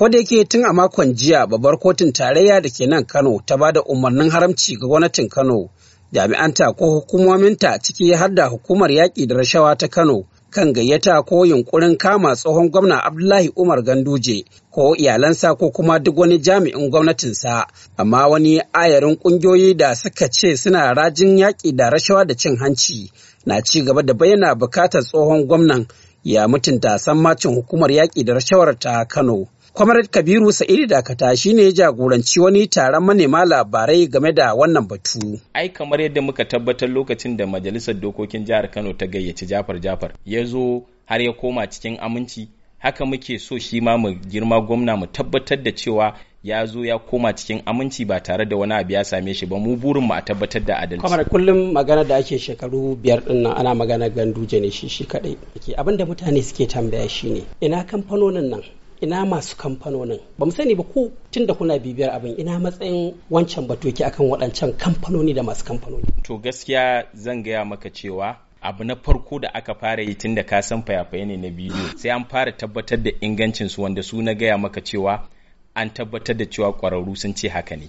Ko da yake tun a makon jiya babbar kotun tarayya da ke nan Kano ta ba da umarnin haramci ga gwamnatin Kano jami'anta ko hukumominta ciki har da hukumar yaƙi da rashawa ta Kano kan gayyata ko yunkurin kama tsohon gwamna Abdullahi Umar Ganduje ko iyalansa ko kuma duk wani jami'in gwamnatinsa amma wani ayarin ƙungiyoyi da suka ce suna rajin yaƙi da rashawa da cin hanci na ci gaba da bayyana bukatar tsohon gwamnan ya mutunta sammacin hukumar yaƙi da rashawar ta Kano. kwamarar Kabiru Sa'idu Dakata shine ya jagoranci wani taron manema labarai game da wannan batu. Ai kamar yadda muka tabbatar lokacin da Majalisar Dokokin Jihar Kano ta gayyaci Jafar Jafar ya zo har ya koma cikin aminci haka muke so shi ma mu girma gwamna mu tabbatar da cewa ya zo ya koma cikin aminci ba tare da wani abu ya same shi ba mu burin mu a tabbatar da adalci kamar kullum magana da ake shekaru biyar din nan ana magana ganduje ne shi shi kadai abin da mutane suke tambaya shine ina kamfanonin nan ina masu kamfanonin ba mu sani ba ku tun da kuna bibiyar abin ina matsayin wancan batoki akan waɗancan kamfanoni da masu kamfanoni to gaskiya zan gaya maka cewa abu na farko da aka fara yi tun da ka san fayafaye ne na bidiyo sai an fara tabbatar da ingancin su wanda su na gaya maka cewa an tabbatar da cewa kwararru sun ce haka ne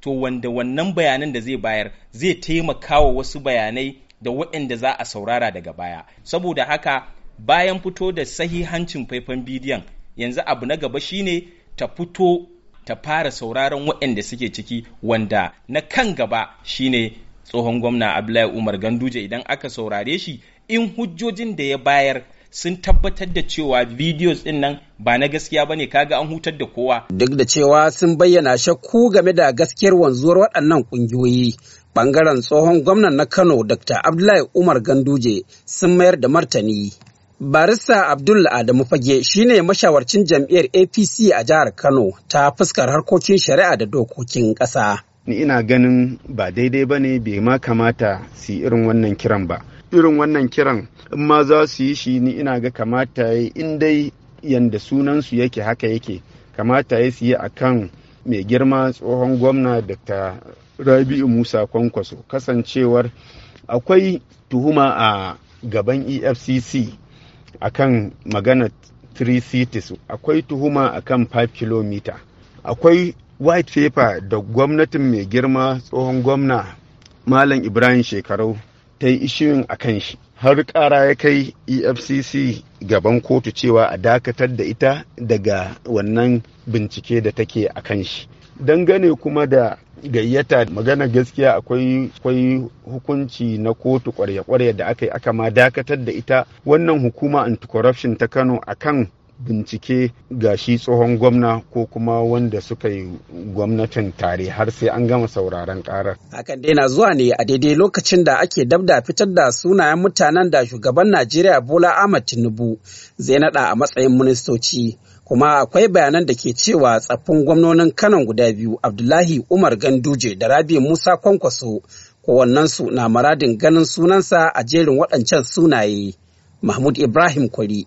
to wanda wannan bayanan da zai bayar zai taimaka wa wasu bayanai da waɗanda za a saurara daga baya saboda haka bayan fito da sahihancin faifan bidiyon yanzu abu na gaba shine ta fito ta fara sauraron waɗanda suke ciki wanda na kan gaba shine tsohon gwamna Abdullahi Umar Ganduje idan aka saurare shi in hujjojin da ya bayar sun tabbatar da cewa videos din nan ba na gaskiya ba ne, kaga an hutar da kowa duk da cewa sun bayyana shakku game da gaskiyar wanzuwar waɗannan ƙungiyoyi bangaren tsohon gwamnan na Kano Dr. Abdullahi Umar Ganduje sun mayar da martani Barista Abdul Adamu Fage shine mashawarcin jam'iyyar APC a jihar Kano ta fuskar harkokin shari'a da dokokin ƙasa. Ni ina ganin ba daidai ba ne bai ma kamata su irin wannan kiran ba. Irin wannan kiran in ma za su yi shi ni ina ga kamata ya in dai yanda sunansu yake haka yake kamata ya su yi a kan mai girma tsohon gwamna Dr. Rabi'u Musa Kwankwaso kasancewar akwai tuhuma a gaban EFCC akan magana 3 cities akwai tuhuma akan 5 km akwai white paper da gwamnatin mai girma tsohon gwamna malam ibrahim shekaru ta yi ishirin a kan shi har kara ya kai efcc gaban kotu cewa a dakatar da ita daga wannan bincike da take a kan shi dangane kuma da gayyata magana gaskiya akwai hukunci na kotu kwarya-kwarya da aka yi aka ma dakatar da ita wannan hukuma anti-corruption ta Kano akan bincike ga shi tsohon gwamna ko kuma wanda suka yi gwamnatin tare har sai an gama sauraron karar. Hakan dai na zuwa ne a daidai lokacin da ake dabda fitar da sunayen mutanen da shugaban Najeriya Bola Ahmad Tinubu zai nada a matsayin ministoci. Kuma akwai bayanan da ke cewa tsaffin gwamnonin Kano guda biyu Abdullahi Umar Ganduje da Rabi Musa Kwankwaso kowannensu na maradin ganin sunansa a jerin waɗancan sunaye. Mahmud Ibrahim Kwari.